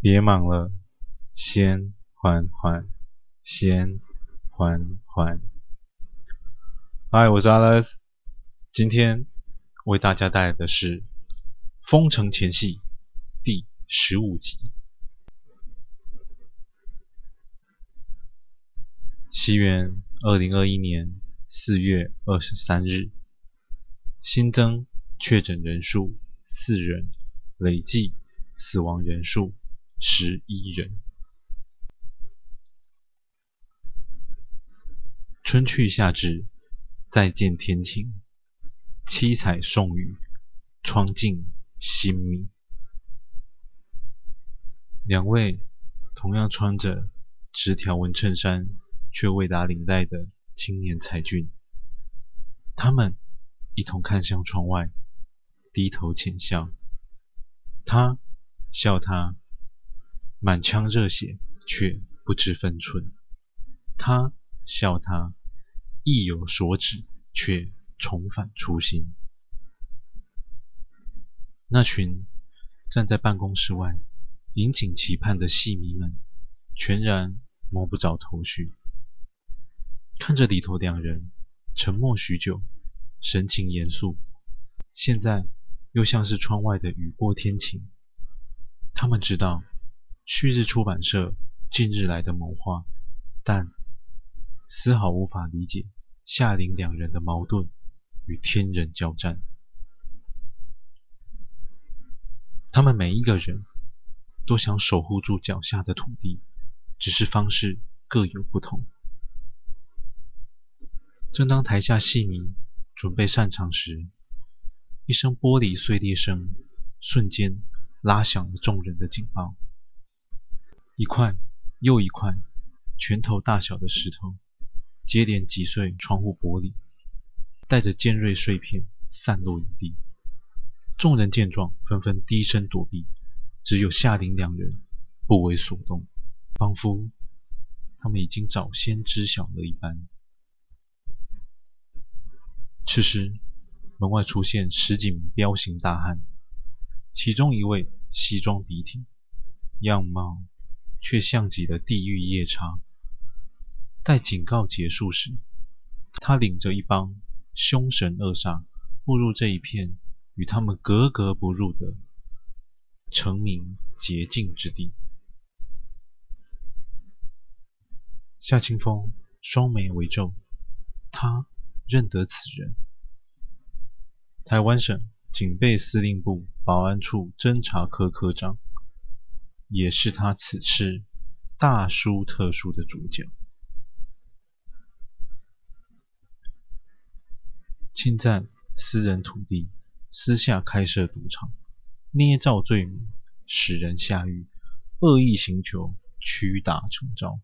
別忙了，先緩緩，先緩緩。嗨，我是 Alex，今天為大家帶來的是《封城前夕》第十五集。西元二零二一年四月二十三日，新增確診人數四人，累計死亡人數。十一人。春去夏至，再見天晴，七彩送雨，窗淨心明。兩位同樣穿着直條紋襯衫卻未打領帶的青年才俊，他們一同看向窗外，低頭淺笑。他笑他。滿腔熱血卻不知分寸，他笑他意有所指，卻重返初心。那群站在辦公室外引頸期盼的戲迷們，全然摸不着頭緒，看着裡頭兩人沉默許久，神情嚴肅，現在又像是窗外的雨過天晴。他們知道。旭日出版社近日來的謀劃，但絲毫無法理解夏林兩人的矛盾與天人交戰。他們每一個人都想守護住腳下的土地，只是方式各有不同。正當台下戲迷準備散場時，一聲玻璃碎裂聲瞬間拉響了眾人的警報。一塊又一塊拳頭大小的石頭接連擊碎窗戶玻璃，帶着尖銳碎片散落一地。眾人見狀紛紛低身躲避，只有夏林兩人不為所動，仿佛他們已經早先知曉了一般。此時門外出現十幾名彪形大漢，其中一位西裝筆挺，樣貌，卻像極了地獄夜叉。待警告結束時，他領着一幫凶神惡煞，步入這一片與他們格格不入的澄明潔淨之地。夏清風雙眉微皺，他認得此人——台灣省警備司令部保安處偵查科科長。也是他此次大書特書的主角，侵占私人土地、私下開設賭場、捏造罪名使人下獄、惡意刑求、屈打成招。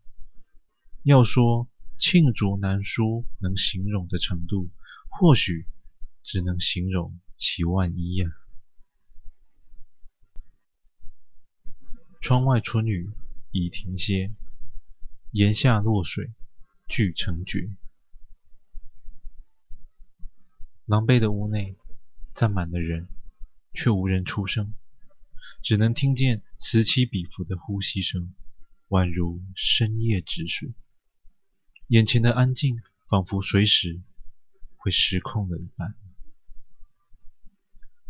要說罄竹難書能形容的程度，或許只能形容其萬一啊。窗外春雨已停歇，檐下落水聚成決。狼狽的屋內站滿了人，卻無人出聲，只能聽見此起彼伏的呼吸聲，宛如深夜止水。眼前的安靜仿佛隨時會失控了一般。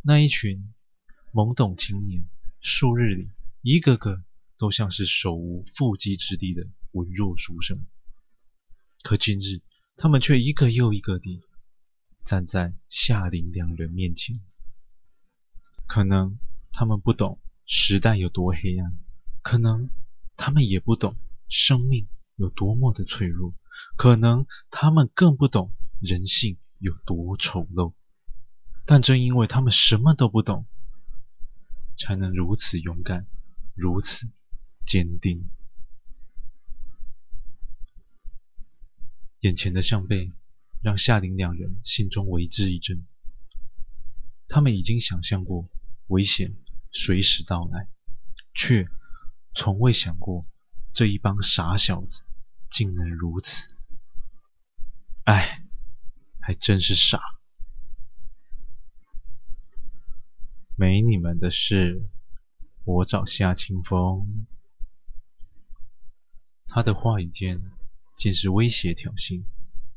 那一群懵懂青年，素日裡，一個個都像是手無縛雞之力的文弱書生，可今日他們卻一個又一個地站在夏林兩人面前。可能他們不懂時代有多黑暗，可能他們也不懂生命有多麼的脆弱，可能他們更不懂人性有多醜陋。但正因為他們什麼都不懂，才能如此勇敢。如此堅定，眼前的向背讓夏林兩人心中為之一震。他們已經想象過危險隨時到來，卻從未想過這一幫傻小子竟能如此。唉，還真是傻，沒你們的事。我找夏清風。他的話語間盡是威脅挑釁。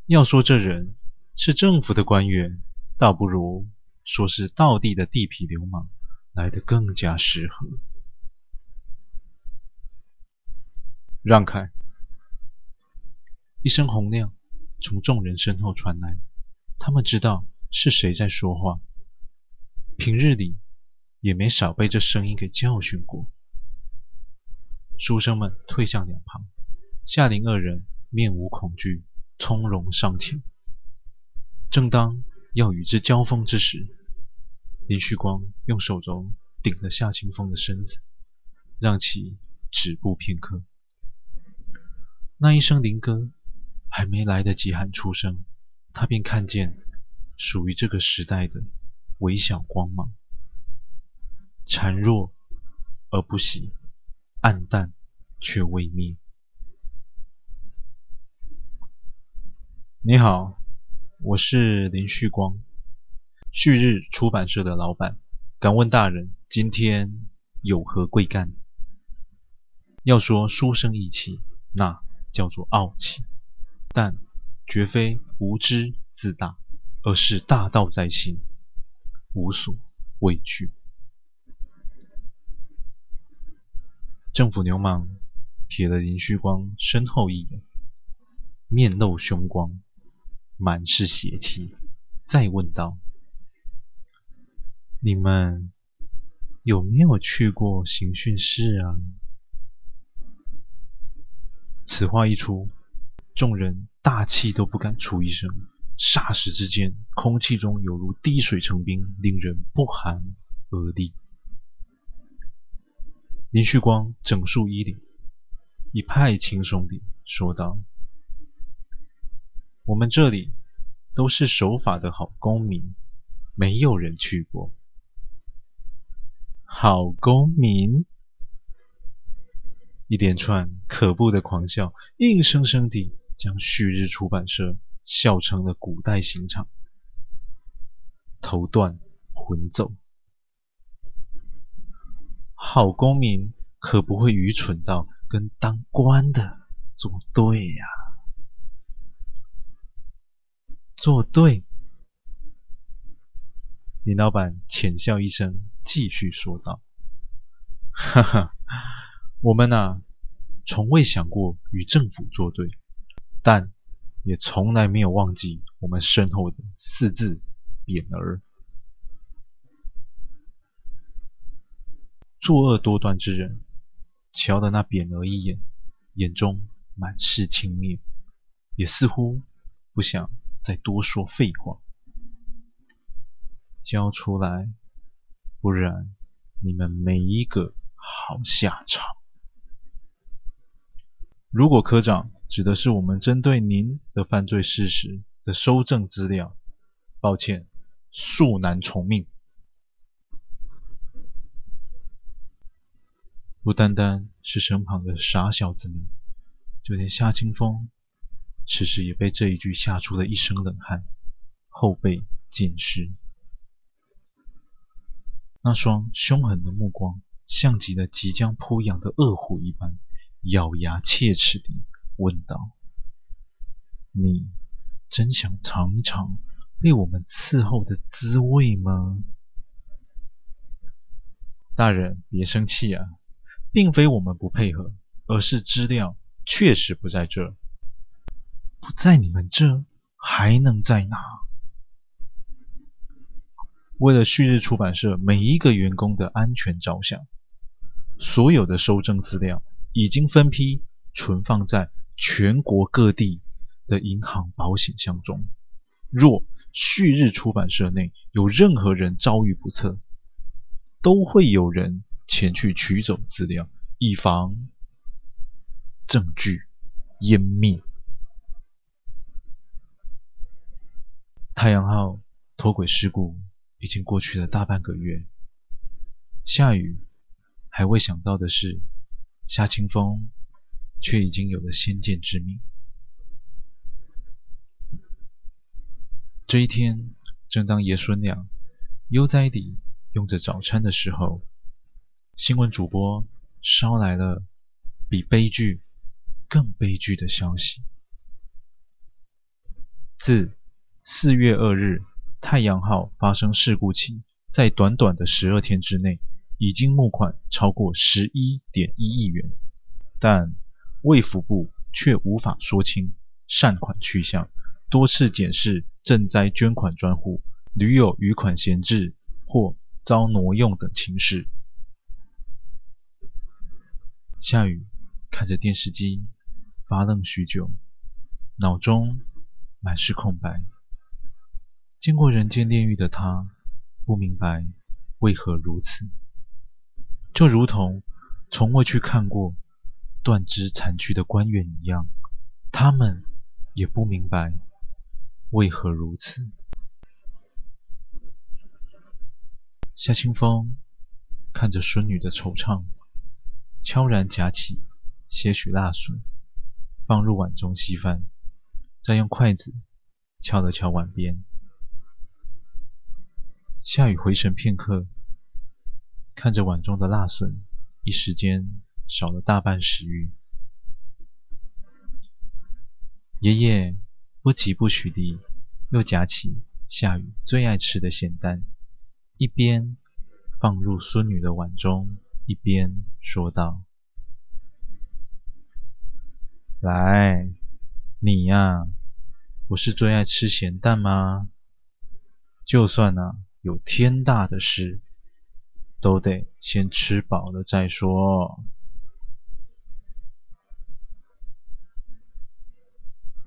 要說這人是政府的官員，倒不如說是道地的地痞流氓來得更加適合。讓開！一聲洪亮從眾人身後傳來，他們知道是誰在說話。平日裡，也沒少被這聲音給教訓過。書生們退向兩旁，夏林二人面無恐懼，從容上前。正當要與之交鋒之時，林旭光用手肘頂了夏清風的身子，讓其止步片刻。那一聲林哥還沒來得及喊出聲，他便看見屬於這個時代的微小光芒。孱弱而不熄，黯淡卻未滅。你好，我是林旭光，旭日出版社的老闆。敢問大人，今天有何貴幹？要說書生意氣，那叫做傲氣，但絕非無知自大，而是大道在心，無所畏懼。政府流氓瞥了林旭光身後一眼，面露凶光，滿是邪氣，再問道：“你們有沒有去過刑訊室啊？”此話一出，眾人大氣都不敢出一聲，霎時之間，空氣中猶如滴水成冰，令人不寒而慄。林旭光整肅衣領，一派輕鬆地說道：“我們這裡都是守法的好公民，沒有人去過。”好公民？一連串可怖的狂笑，硬生生地將旭日出版社笑成了古代刑場，頭斷魂走。好公民，可不會愚蠢到跟當官的作對呀、啊！作對？林老闆淺笑一聲，繼續說道：“哈哈，我們啊，從未想過與政府作對，但也從來沒有忘記我們身後的四字匾額。”作惡多端之人，瞧得那匾額一眼，眼中滿是輕蔑，也似乎不想再多說廢話。交出來，不然你們沒一個好下場。如果科長指的是我們針對您的犯罪事實的蒐證資料，抱歉，恕難從命。不單單是身旁的傻小子們，就連夏清風，此時也被這一句嚇出了一身冷汗，後背盡濕。那雙凶狠的目光，像極了即將撲羊的餓虎一般，咬牙切齒地問道：“你真想嘗一嘗被我們伺候的滋味嗎？”大人別生氣啊！並非我們不配合，而是資料確實不在這。不在你們這？還能在哪？為了旭日出版社每一個員工的安全着想，所有的收證蒐證資料已經分批存放在全國各地的銀行保險箱中。若旭日出版社內有任何人遭遇不測，都會有人。前去取走資料，以防證據湮滅。太陽號脫軌事故已經過去了大半個月，夏雨還未想到的是，夏清風卻已經有了先見之明。這一天，正當爺孫倆悠哉地用着早餐的時候。新聞主播捎來了比悲劇更悲劇的消息。自四月二日太陽號發生事故起，在短短的十二天之內，已經募款超過十一點一億元，但衛福部卻無法說清善款去向，多次檢視賑災捐款專戶，屢有餘款閒置或遭挪用等情事。夏雨看着電視機，發愣許久，腦中滿是空白。見過人間煉獄的她，不明白為何如此；就如同從未去看過斷肢殘軀的官員一樣，他們也不明白為何如此。夏清風看着孫女的惆悵。悄然夾起些許辣筍，放入碗中稀飯，再用筷子敲了敲碗邊。夏雨回神片刻，看着碗中的辣筍，一時間少了大半食慾。爺爺不疾不徐地又夾起夏雨最愛吃的鹹蛋，一邊放入孫女的碗中。一邊說道：“來，你呀、啊，不是最愛吃鹹蛋嗎？就算呢、啊，有天大的事，都得先吃飽了再說。”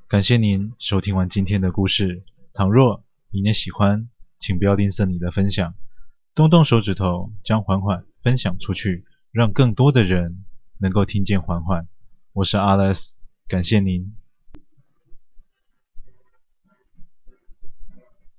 感謝您收聽完今天的故事。倘若你也喜歡，請不要吝嗇你的分享，動動手指頭，將緩緩。分享出去，讓更多的人能夠聽見。環環，我是 Alex，感謝您。